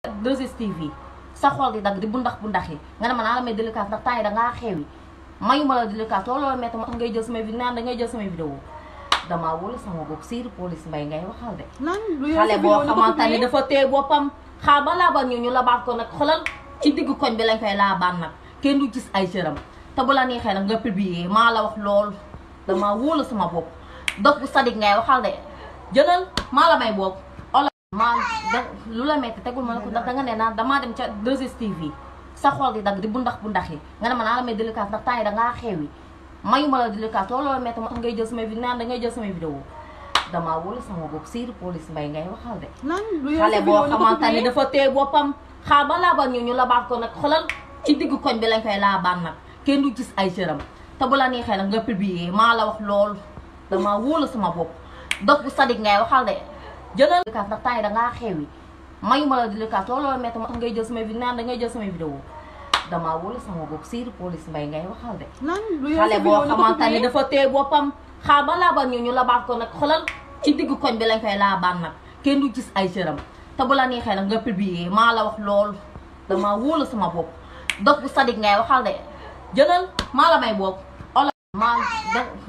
2 tv sa xol di dag di bu ndax bu ndax yi nga na man naa may délicat ndax tay da nga xewi mayuma la délicat loolu la metti ma ngay jël sama vidéo naan da ngay jël sama vidéo dama wul sama bopp siir police may ngay waxal de xale boo xamante ni dafa téye bopam xaba la ban ñu ñu labaat ko nak xolal ci digg koñ bi lañ fay la ban nak kenn du gis ay cëram te bu la neexee nak nga publier maa la wax lool dama wul sama bopp dof bu sadik ngay waxal de jëlal maa la may bopp mal lula mete tegul ma ko ndax da ya, nga dama dem ca 2STV sa xol di dag di bundax bundax yi nga ne ma naa la may délicat ndax temps yi da ngaa xewi mayu ma la délicat loolu la ma tax ngay jël sama vidéo naan da ngay jël sama vidéo dama wóolu sama bopp siir police mbay ngay waxal de xale boo xamante dafa téye boppam xaar ba laaban ñu ñu labaat ko nag xolal ci diggu koñ bi lañ koy laabaan nag kenn du gis ay cëram te bu la nga publier maa la wax loolu dama wóolu sama bopp dof sadik ngay waxal de jëlal kaas ndax temps yi da ngaa xewi may ma la di kaas loolu la métti ma tax ngay jël samay vidéo naan da ngay jël samay vidéo damaa wóolu sama bopp Sidy Pawlish Mbaye ngay waxal de. xale boo xamante ne dafa téye boppam xaa ba laaban ñu ñu labaat ko nag xolal ci diggu koñ bi lañ koy laabaan nag kenn du gis ay jëram te bu la neexee nag nga publier maa la wax loolu damaa wóolu sama bopp dof bu sadik ngay waxal de jëlal maa la may bopp olo maa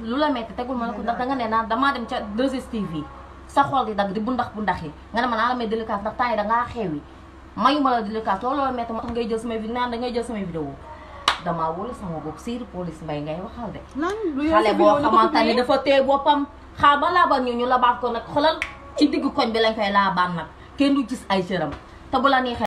lu la metti tegul ma la ko ndax da nga ne naan damaa dem ca 2STV sa xool di dagg di bu ndax bu ndax yi nga ne ma naa la may délicate ndax temps yi dangaa xew yi mayu ma la délicate loolu la métti moo tax ngay jël samay vidéo naan da ngay jël samay sama bopp Sidy Pawlish Mbaye ngay waxal de xale boo xamante ni dafa téye boppam xaa ba laaban ñu ñu labaat ko nag xolal ci diggu koñ bi lañ koy laabaan nag kenn du gis ay cëram te bu la neexee